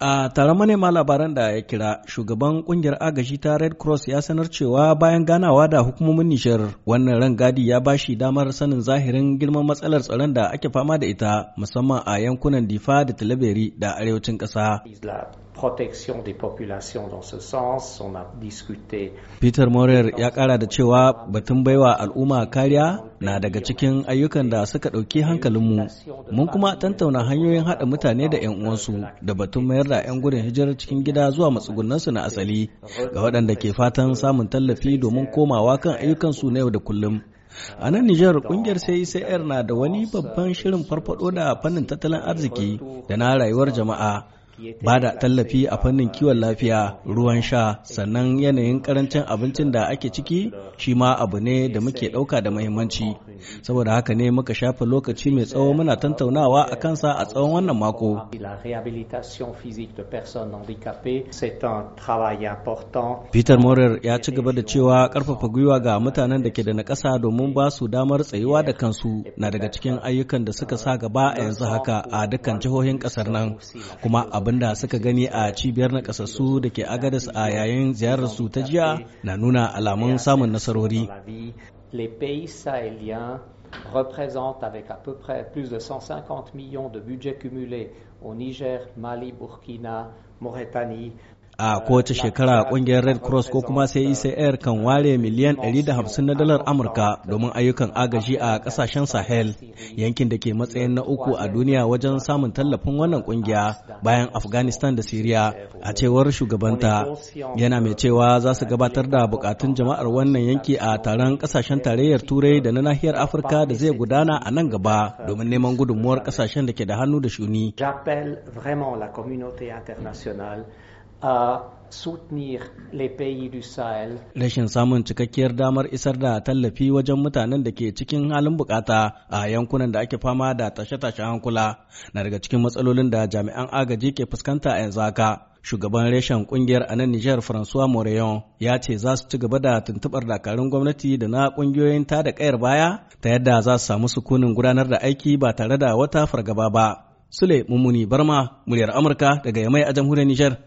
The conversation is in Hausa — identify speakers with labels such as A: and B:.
A: A taron manema labaran da ya kira, shugaban kungiyar agashi ta Red Cross ya sanar cewa bayan ganawa da hukumomin Nishar, wannan rangadi ya ba shi damar sanin zahirin girman matsalar tsaron da ake fama da ita, musamman a yankunan Difa da Talaberi da arewacin ƙasa.
B: protection des populations dans ce sens. On a discuté.
A: Peter Morer ya kara da cewa batun baiwa al'umma kariya na daga cikin ayyukan da suka ɗauki hankalinmu. Mun kuma tantauna hanyoyin haɗa mutane da 'yan uwansu da batun mayar da 'yan gudun hijirar cikin gida zuwa matsugunansu na asali ga waɗanda ke fatan samun tallafi domin komawa kan ayyukansu na yau da kullum. a nan Nijar kungiyar CICR na da wani babban shirin farfado da fannin tattalin arziki da na rayuwar jama'a ba da tallafi a fannin kiwon lafiya ruwan sha sannan yanayin karancin abincin da ake ciki shi ma abu ne da muke ɗauka da mahimmanci saboda haka ne muka shafa lokaci mai tsawo muna tantaunawa a kansa a tsawon wannan mako peter morer ya ci gaba da cewa karfafa gwiwa ga mutanen da ke da nakasa domin ba su damar tsayuwa da kansu na daga cikin ayyukan da suka sa gaba a yanzu haka a dukkan jihohin kasar nan kuma abu
B: les pays sahéliens représentent avec à peu près plus de 150 millions de budget cumulé au Niger, Mali, Burkina, Mauritanie,
A: a kowace shekara kungiyar red cross ko kuma sai icr e kan ware miliyan 150 na dalar amurka domin ayyukan agaji a kasashen sahel yankin da ke matsayin na uku a duniya wajen samun tallafin wannan kungiya bayan afghanistan da syria a cewar shugabanta yana mai cewa za su gabatar da bukatun jama'ar wannan yanki a taron kasashen tarayyar turai da na nahiyar afirka da zai gudana a nan gaba domin neman gudunmuwar kasashen da ke da hannu da shuni
B: a soutenir les pays du Sahel.
A: Rashin samun cikakkiyar damar isar da tallafi wajen mutanen da ke cikin halin bukata a yankunan da ake fama da tashe-tashen hankula na daga cikin matsalolin da jami'an agaji ke fuskanta a yanzu haka. Shugaban reshen kungiyar a nan Nijar François Moreon ya ce za su ci gaba da tuntubar dakarun gwamnati da na kungiyoyin ta da kayar baya ta yadda za su samu sukunin gudanar da aiki ba tare da wata fargaba ba. Sule Mummuni Barma, muryar Amurka daga Yamai a jamhuriyar Nijar.